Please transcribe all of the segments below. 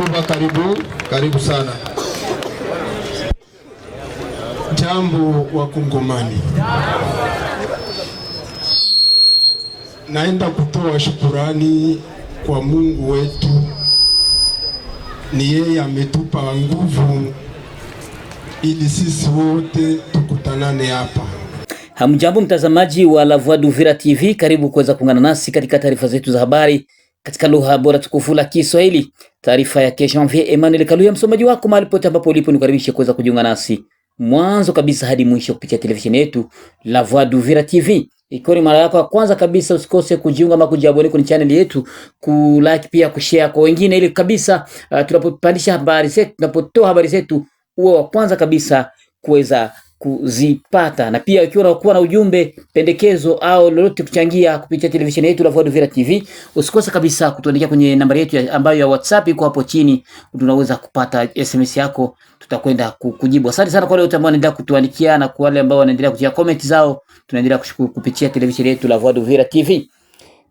Tuba, karibu karibu sana. Jambo Wakongomani, naenda kutoa shukurani kwa Mungu wetu. Ni yeye ametupa nguvu ili sisi wote tukutanane hapa. Hamjambo mtazamaji wa La Voix d'Uvira TV, karibu kuweza kuungana nasi katika taarifa zetu za habari katika lugha bora tukufu la Kiswahili. Taarifa yake Janvier Emmanuel Kaluya, msomaji wako mahali pote ambapo ulipo, nikukaribisha kuweza kujiunga nasi mwanzo kabisa hadi mwisho kupitia televisheni yetu La Voix d'Uvira TV. Ikiwa ni mara yako ya kwanza kabisa, usikose kujiunga ama kujiabonea kwenye channel yetu, ku like pia ku share kwa wengine, ili kabisa uh, tunapopandisha habari zetu, tunapotoa habari zetu, uwe wa kwanza kabisa kuweza kuzipata, na pia ikiwa unakuwa na ujumbe, pendekezo au lolote kuchangia kupitia televisheni yetu la Voduvira TV, usikose kabisa kutuandikia kwenye nambari yetu ya ambayo ya WhatsApp iko hapo chini. Tunaweza kupata SMS yako, tutakwenda kukujibu. Asante sana kwa wale wote ambao wanaendelea kutuandikia na kwa wale ambao wanaendelea kutia comment zao, tunaendelea kushukuru kupitia televisheni yetu la Voduvira TV.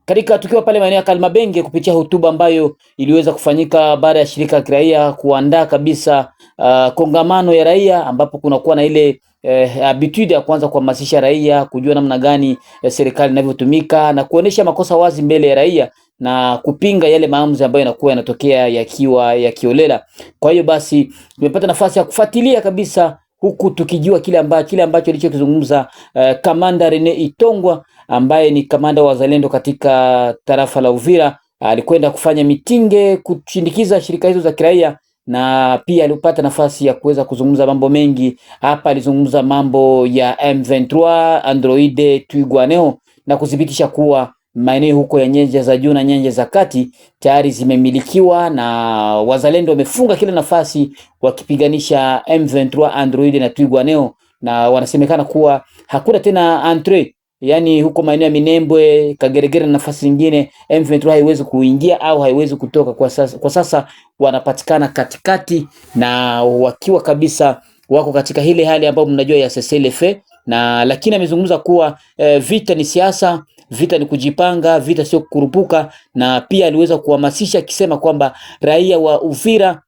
Katika tukiwa pale maeneo ya Kalmabenge kupitia hotuba ambayo iliweza kufanyika baada ya shirika la kiraia kuandaa kabisa uh, kongamano ya raia ambapo kunakuwa na ile eh, habitude ya kwanza kuhamasisha raia kujua namna gani eh, serikali inavyotumika na kuonesha makosa wazi mbele ya raia na kupinga yale maamuzi ambayo yanakuwa yanatokea yakiwa yakiolela. Kwa hiyo basi tumepata nafasi ya kufuatilia kabisa huku tukijua kile ambacho kile ambacho alichokizungumza eh, kamanda Rene Itongwa ambaye ni kamanda wa wazalendo katika tarafa la Uvira alikwenda kufanya mitinge kushindikiza shirika hizo za kiraia na pia alipata nafasi ya kuweza kuzungumza mambo mengi hapa. Alizungumza mambo ya M23, Android, Twigwaneo na kuthibitisha kuwa maeneo huko ya nyanja za juu na nyanja za kati tayari zimemilikiwa na wazalendo wamefunga kila nafasi wakipiganisha M23, Android na Twigwaneo, na wanasemekana kuwa hakuna tena entree yani huko maeneo ya Minembwe, Kageregere na nafasi nyingine M23 haiwezi kuingia au haiwezi kutoka kwa sasa. Kwa sasa wanapatikana katikati na wakiwa kabisa wako katika ile hali ambayo mnajua ya SSLF na lakini amezungumza kuwa e, vita ni siasa, vita ni kujipanga, vita sio kukurupuka, na pia aliweza kuhamasisha akisema kwamba raia wa Uvira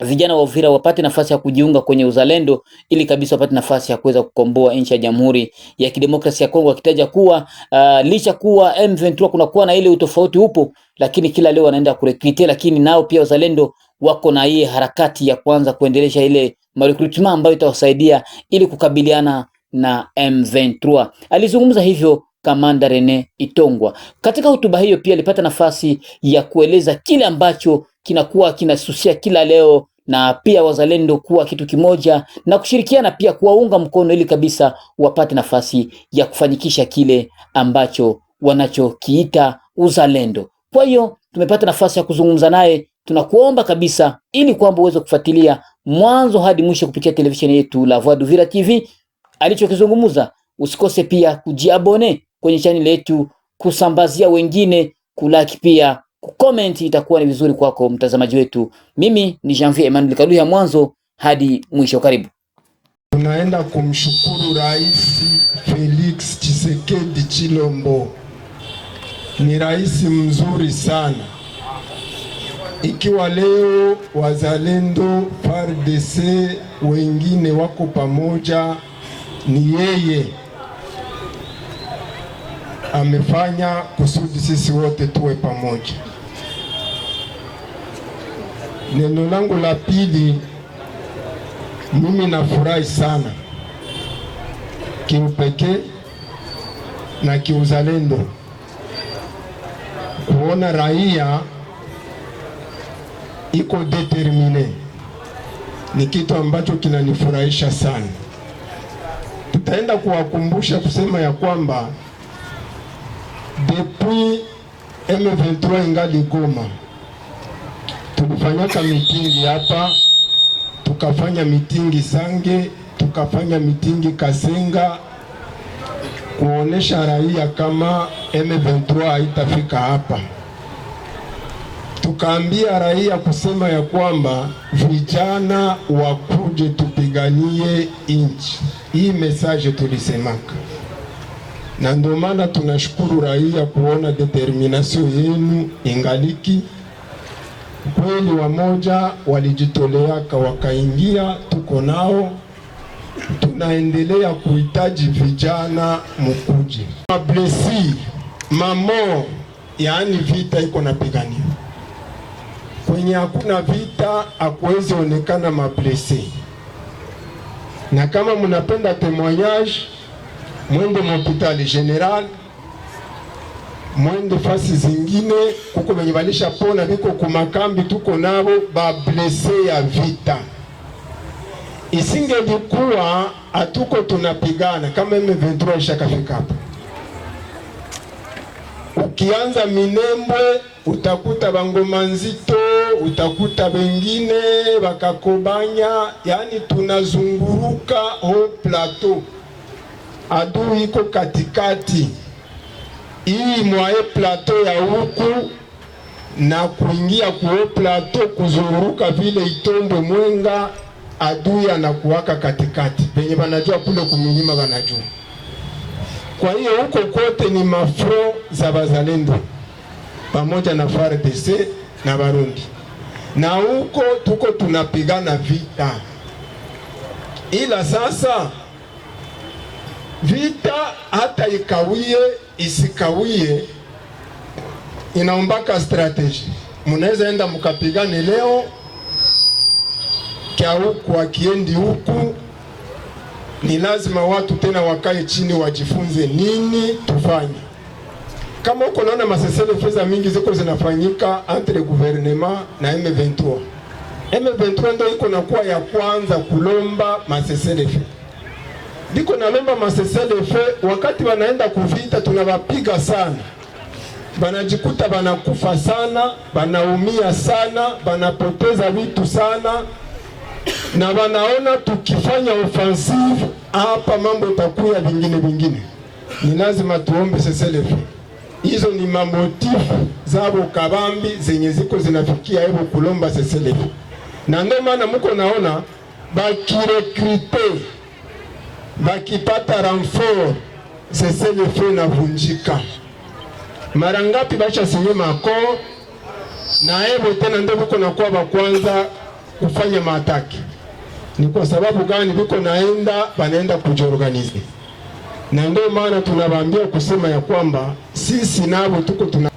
vijana wa Uvira wapate nafasi ya kujiunga kwenye uzalendo ili kabisa wapate nafasi ya kuweza kukomboa nchi ya Jamhuri ya Kidemokrasia ya Kongo, akitaja kuwa uh, licha kuwa M23 kuwa na ile utofauti upo, lakini kila leo wanaenda kurekrite, lakini nao pia uzalendo wako na hii harakati ya kuanza kuendelesha ile marekrutma ambayo itawasaidia ili kukabiliana na M23. Alizungumza hivyo Kamanda Rene Itongwa katika hotuba hiyo, pia alipata nafasi ya kueleza kile ambacho kinakuwa kinasusia kila leo na pia wazalendo kuwa kitu kimoja na kushirikiana pia kuwaunga mkono ili kabisa wapate nafasi ya kufanikisha kile ambacho wanachokiita uzalendo. Kwa hiyo tumepata nafasi ya kuzungumza naye, tunakuomba kabisa ili kwamba uweze kufuatilia mwanzo hadi mwisho kupitia televisheni yetu La Voix d'Uvira TV alichokizungumza. Usikose pia kujiabone kwenye chaneli yetu, kusambazia wengine, kulaki pia comment itakuwa ni vizuri kwako mtazamaji wetu. Mimi ni Janvier Emmanuel Kaluya, mwanzo hadi mwisho. Karibu. Tunaenda kumshukuru Rais Felix Tshisekedi Chilombo, ni rais mzuri sana. Ikiwa leo wazalendo FARDC wengine wako pamoja, ni yeye amefanya kusudi sisi wote tuwe pamoja. Neno langu la pili, mimi nafurahi sana kiupekee na kiuzalendo kuona raia iko determine, ni kitu ambacho kinanifurahisha sana. Tutaenda kuwakumbusha kusema ya kwamba depuis M23 ingali Goma tulifanyaka mitingi hapa, tukafanya mitingi Sange, tukafanya mitingi Kasenga kuonesha raia kama M23 haitafika hapa. Tukaambia raia kusema ya kwamba vijana wakuje tupiganie inchi hii. Message tulisemaka, na ndio maana tunashukuru raia kuona determination yenu ingaliki kweli wamoja walijitoleaka wakaingia, tuko nao, tunaendelea kuhitaji vijana mukuje. Mablesi mamo, yaani vita iko napiganiwa, kwenye hakuna vita hakuwezi onekana mablesi. Na kama munapenda temoignage, mwende mu general mwende fasi zingine kuko venye valishapona viko kumakambi tuko navo bablese ya vita. Isingelikuwa hatuko tunapigana kama M23 ishakafika hapo. Ukianza Minembwe utakuta bangoma nzito, utakuta bengine bakakobanya, yani tunazunguruka ho plateau, adui iko katikati hii mwae plateau ya huku na kuingia kuo plateau kuzunguruka vile Itombwe Mwenga, adui anakuwaka katikati, venye vanajua kule kumilima vanajua. Kwa hiyo huko kote ni mafro za bazalendo pamoja na FARDC na Barundi, na huko tuko tunapigana vita, ila sasa vita hata ikawie isikawie, inaombaka strategy. Munaweza enda mukapigane leo kya huku akiendi huku, ni lazima watu tena wakae chini wajifunze nini tufanye. Kama huko naona masesele fedha mingi ziko zinafanyika entre gouvernement na M23. M23 ndio iko nakuwa ya kwanza kulomba masesele fedha Niko nalomba fe wakati wanaenda kuvita tunawapiga sana, banajikuta banakufa sana, banaumia sana, banapoteza vitu sana, na banaona tukifanya offensive hapa mambo takuya vingine vingine. Ni lazima tuombe seselefe, hizo ni mamotifu zabo kabambi zenye ziko zinafikia hebu kulomba seselefe, na ndio maana muko naona bakirekrite bakipata ramfor seselefe navunjika. Mara ngapi sinye mako naebo tena ndio viko nakuwa bakwanza kufanya maataki. Ni kwa sababu gani? viko naenda banaenda kujiorganize, na ndio maana tunawaambia kusema ya kwamba sisi navo tuko tuna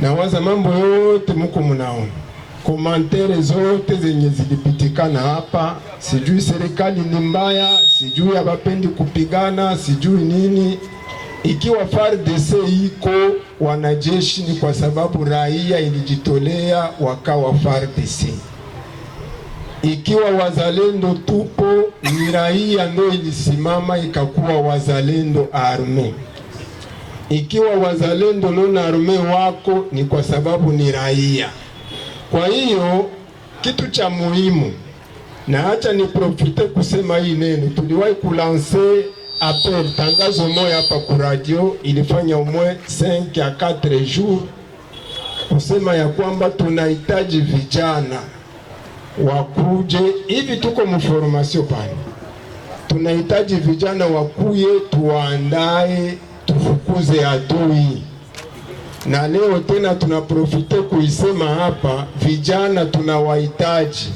nawaza mambo yote muko munaona komantere zote zenye zilipitikana hapa, sijui serikali ni mbaya, sijui hawapendi kupigana, sijui nini. Ikiwa FARDC iko wanajeshi, ni kwa sababu raia ilijitolea wakawa FARDC. Ikiwa wazalendo tupo, ni raia ndio ilisimama ikakuwa wazalendo arme. Ikiwa wazalendo nona arme wako, ni kwa sababu ni raia kwa hiyo kitu cha muhimu, na acha profite kusema hii neno, tuliwahi kulanse appel tangazo moja hapa ku radio, ilifanya umwe 5 ya 4 jours kusema ya kwamba tunahitaji vijana wakuje hivi, tuko mformasio pale, tunahitaji vijana wakuye, tuandae tufukuze adui na leo tena tunaprofite kuisema hapa, vijana tunawahitaji,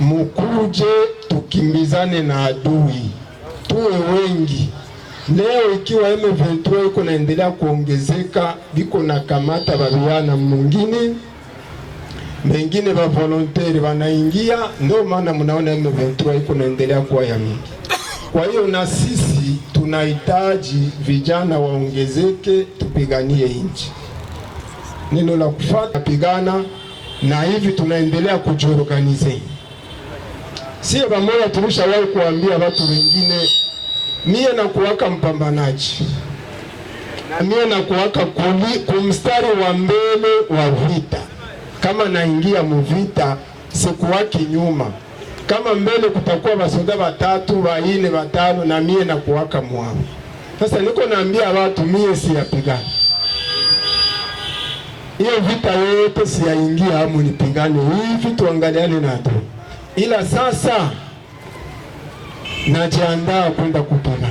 mukuje tukimbizane na adui, tuwe wengi. Leo ikiwa M23 iko naendelea kuongezeka, biko na kamata babiana mwingine mengine ba volontaire wanaingia, ndio maana mnaona M23 iko naendelea kuwa ya mingi. Kwa hiyo na sisi tunahitaji vijana waongezeke, tupiganie nchi neno la kufuata pigana na hivi tunaendelea kujiorganize. Sio bamoya tulishawahi kuambia watu wengine, mie nakuwaka mpambanaji, mie nakuwaka kumstari wa mbele wa vita. Kama naingia muvita sikuwaki nyuma, kama mbele kutakuwa basoda batatu baine batano, na mie nakuwaka mwao. Sasa niko naambia watu mie siyapigana hiyo vita yote siyaingia amu, nipingane hivi tuangaliane nato, ila sasa najiandaa kwenda kupigana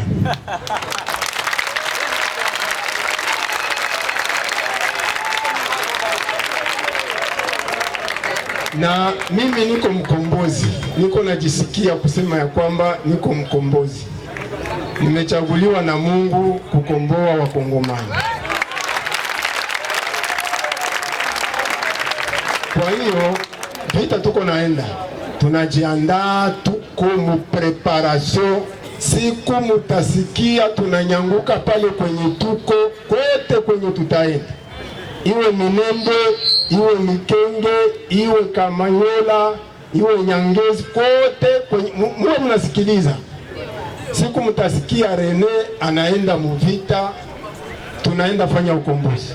na mimi niko mkombozi, niko najisikia kusema ya kwamba niko mkombozi, nimechaguliwa na Mungu kukomboa Wakongomani. Kwa hiyo vita tuko naenda, tunajiandaa, tuko mu preparation. Siku mutasikia tunanyanguka pale kwenye tuko kote kwenye tutaenda, iwe Minembwe, iwe Mikenge, iwe Kamanyola, iwe Nyangezi, kote kwenye muwe mnasikiliza. Siku mutasikia Rene anaenda muvita, tunaenda fanya ukombozi.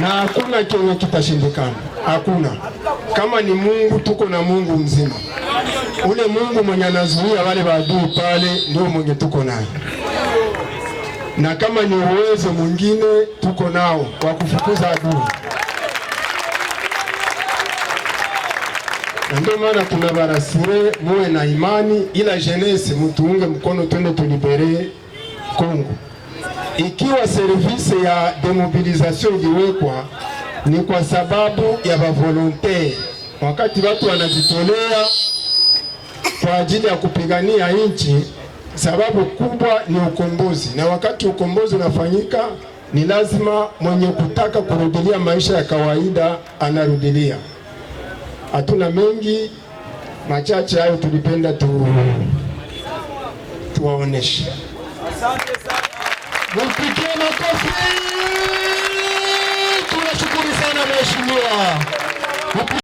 na hakuna kenye kitashindikana, hakuna. Kama ni Mungu, tuko na Mungu mzima. Ule Mungu mwenye anazuia wale waadui pale, ndio mwenye tuko naye, na kama ni uwezo mwingine tuko nao wa kufukuza adui, na ndio maana tunabarasire, muwe na imani, ila jenesi, mutuunge mkono, twende tulibere Kongo ikiwa service ya demobilization iliwekwa ni kwa sababu ya bavolontaire, wakati watu wanajitolea kwa ajili ya kupigania nchi, sababu kubwa ni ukombozi, na wakati ukombozi unafanyika ni lazima mwenye kutaka kurudilia maisha ya kawaida anarudilia. Hatuna mengi, machache hayo tulipenda tu tuwaoneshe. Asante sana. Piga makofi. Tunashukuru sana mheshimiwa.